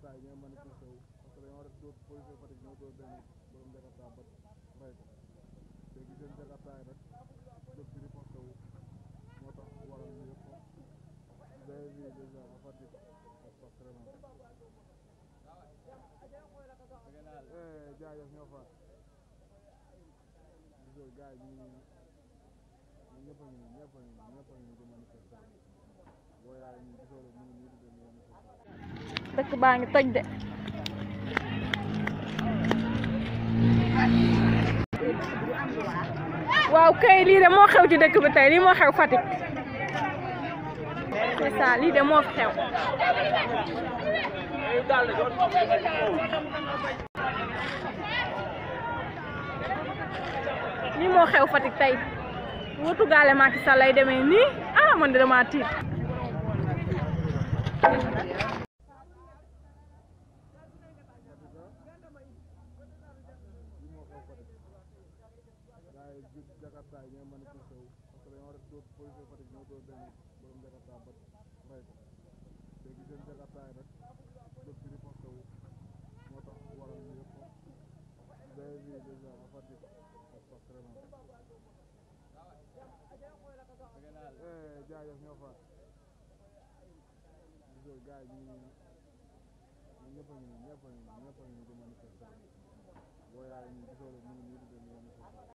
Jakarta yi ñooy manifesté wu parce que dañoo def dóor police Fatick ñoo dóor benn borom Jakarta ba rey ko léegi seen Jakarta yi rek dóor bi riposté wu moo tax waral ñu yëpp vous avez vu déjà à Fatick ça se passe très mal jaajëf eh, ñoo fa gisoo gars yi ñu ñëpp a ngi ñëpp a ngi ñëpp a ngi di manifesté boo yaa dëkk baa ngi toj de waaw kay lii de moo xew ci dëkk bi tey lii moo xew Fatick lii de moo xew lii xew Fatick tey wutu gaale Macky Sall lay demee nii ah man de damaa tiit gis Jakarta yi ñooy manifesté wu parce que dañoo war a dóor police Fatick ñoo dóor benn borom Jakarta ba rey ko léegi seen Jakarta yi rek dóor ci riposte wu moo tax waral ñu yëpp day vi déjà à Fatick ak pas vraiment eh, jaajëf ñoo fa gisoo gars yi ñi ñëpp a ngi ñëpp a ngi ñëpp a ngi di manifesté boo